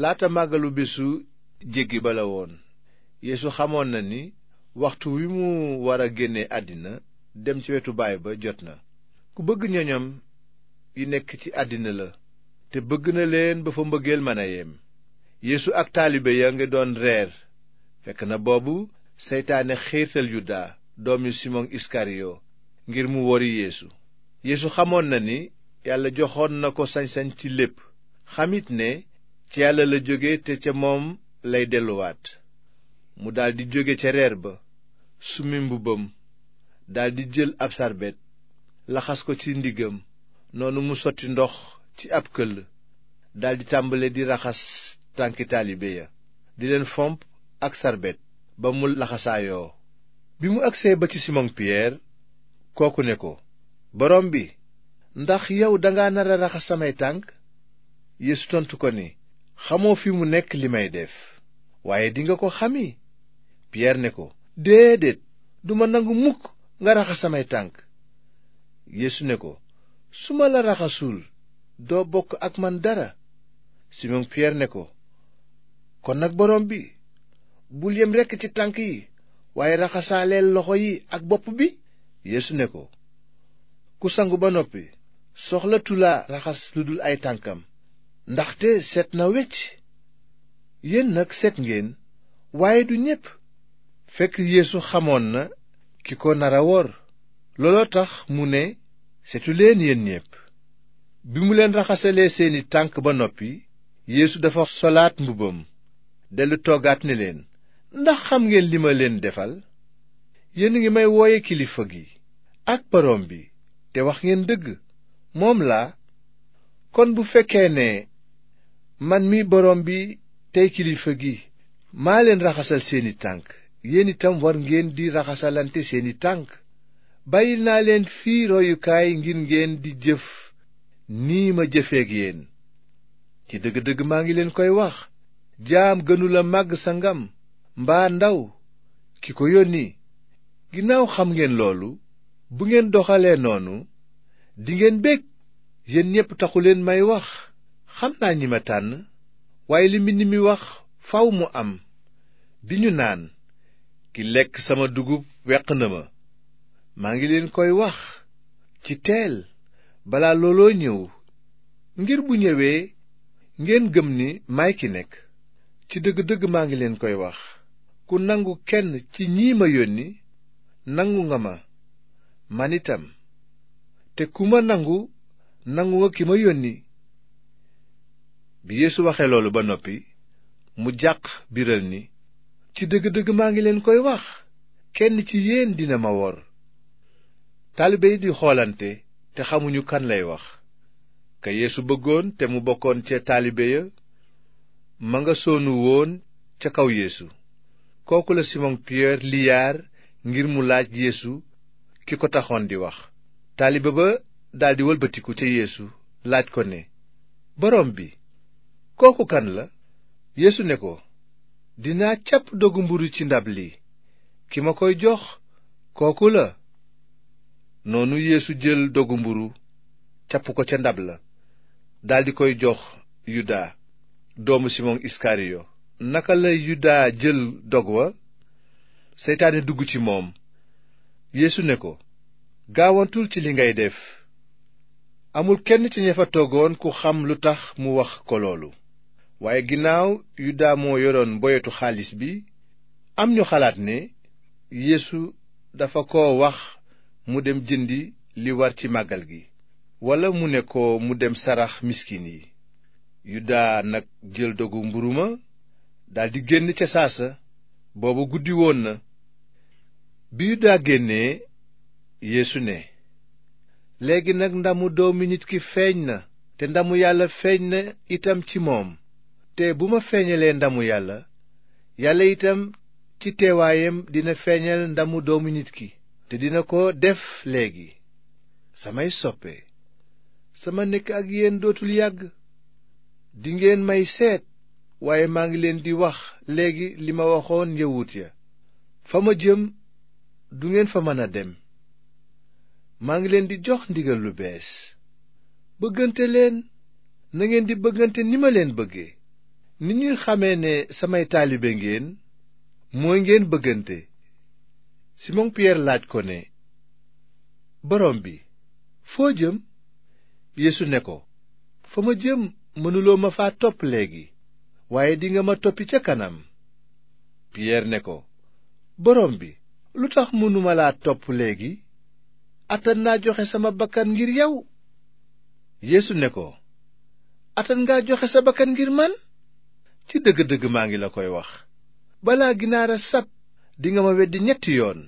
laata màggalu bésu jéggi ba la woon yéesu xamoon na ni waxtu wi mu war a génne àddina dem ci wetu baay ba jot na ku bëgg ñoñam yi nekk ci àddina la te bëgg na leen ba fa mbëggeel mën a yem yeesu ak taalibe ya nga doon reer fekk na boobu seytaane xiirtal yuda doomi simon iskariyo ngir mu wori yeesu yeesu xamoon na ni yàlla joxoon na ko sañ-sañ ci lépp xamit ne ci yàlla la jóge te ca moom lay delluwaat mu daldi jóge ca reer ba summi mbubbam daldi jël ab sarbet laxas ko ci ndiggam noonu mu sotti ndox ci ab këll daldi tàmbale di raxas tànki taalibe ya di leen fomp ak sarbet ba mu laxasaayoo bi mu agsee ba ci Simon Pierre kooku ne ko borom bi ndax yow danga nar raxas samay tànk Yeesu tontu ko ni xamoo fi mu nekk li may def waaye dinga ko xami piyeer ne ko déedéet duma nangu mukk nga raxas samay tànk yeesu ne ko su ma la raxasul doo bokk ak man dara simon piyeer ne ko kon nag borom bi bul yem rekk ci tànk yi waaye raxasaaleel loxo yi ak bopp bi yéesu ne ko ku sangu ba noppi soxlatu la raxas lu dul ay tànkam ndaxte seet na wecc yéen nag set ngeen waaye du ñépp fekk yéesu xamoon na ki ko nara looloo tax mu ne setu leen yéen ñépp bi mu leen raxasalee seeni tànk ba noppi yéesu dafa solaat mbubbam dellu toggaat ne leen ndax xam ngeen li ma leen defal yéen a ngi may wooye kilifa gi ak boroom bi te wax ngeen dëgg moom laa kon bu fekkee ne man mi borom bi tey kilifa gi maa leen raxasal seeni tànk yéen itam war ngeen di raxasalante seeni tànk bàyyil naa leen fii royukaay ngir ngeen di jëf nii ma jëfeeg yéen ci dëgg-dëgg maa ngi leen koy wax jaam gënula màgg sangam mbaa ndaw ki ko yónni ginnaaw xam ngeen loolu bu ngeen doxalee noonu dingeen bég yéen ñépp taxu leen may wax xam naa ñi ma tànn waaye li mbind mi wax faw mu am bi ñu naan ki lekk sama dugub weq na ma maa ngi leen koy wax ci teel balaa looloo ñëw ngir bu ñëwee ngeen gëm ni may ki nekk ci dëgg-dëgg maa ngi leen koy wax ku nangu kenn ci ñii ma yónni nangu nga ma man itam te ku ma nangu nangu nga ki ma yónni bi yéesu waxee loolu ba noppi mu jàq biral ni ci dëgg-dëgg maa ngi leen koy wax kenn ci yéen dina ma wor taalibe yi di xoolante te xamuñu kan lay wax ka yeesu bëggoon te mu bokkoon ca taalibe ya ma nga soonu woon ca kaw yéesu kooku la simon piyeer liyaar ngir mu laaj yéesu ki ko taxoon di wax taalibe ba daldi wëlbatiku ca yéesu laaj ko ne borom bi kooku kan la yéesu ne ko dinaa capp dogu mburu ci ndab li ki ma koy jox kooku la noonu yéesu jël dogu mburu capp ko ca ndab la daldi koy jox yuda doomu simon iskariyo naka lay yuda jël dog wa seytaane dugg ci moom yéesu ne ko gaawantul ci li ngay def amul kenn ci ña fa toogoon ku xam lu tax mu wax ko loolu waaye ginnaaw yudaa moo yoroon boyetu xaalis bi am ñu xalaat ne yéesu dafa ko wax mu dem jëndi li war ci màggal gi walla mu ne ko mu dem sarax miskin yi yudaa nag jël dogu mburu ma daldi génn ca saasa boobu guddi woon na bi yudaa génnee yeesu ne léegi nag ndamu doomi nit ki feeñ na te ndamu yàlla feeñ na itam ci moom te bu ma feeñalee ndamu yàlla yàlla itam ci teewaayam dina feeñal ndamu doomu nit ki te dina ko def léegi samay soppe sama nekk ak yéen dootul yàgg dingeen may seet waaye maa ngi leen di wax léegi li ma waxoon yawut ya fa ma jëm du ngeen fa mën a dem maa ngi leen di jox ndigal lu bees bëggante leen na ngeen di bëggante ni ma leen bëggee ni ñuy xamee ne samay taalibe ngéen mooy ngéen bëggante Simon Pierre laaj ko ne borom bi foo jëm Yeesu ne ko fa ma jëm mënuloo ma faa topp léegi waaye dinga ma toppi ca kanam Pierre ne ko borom bi lu tax mënuma laa topp léegi attan naa joxe sama bakkan ngir yow yéesu ne ko attan ngaa joxe sa bakkan ngir man ci dëgg-dëgg maa ngi la koy wax balaa ginaar a sab dinga ma weddi ñetti yoon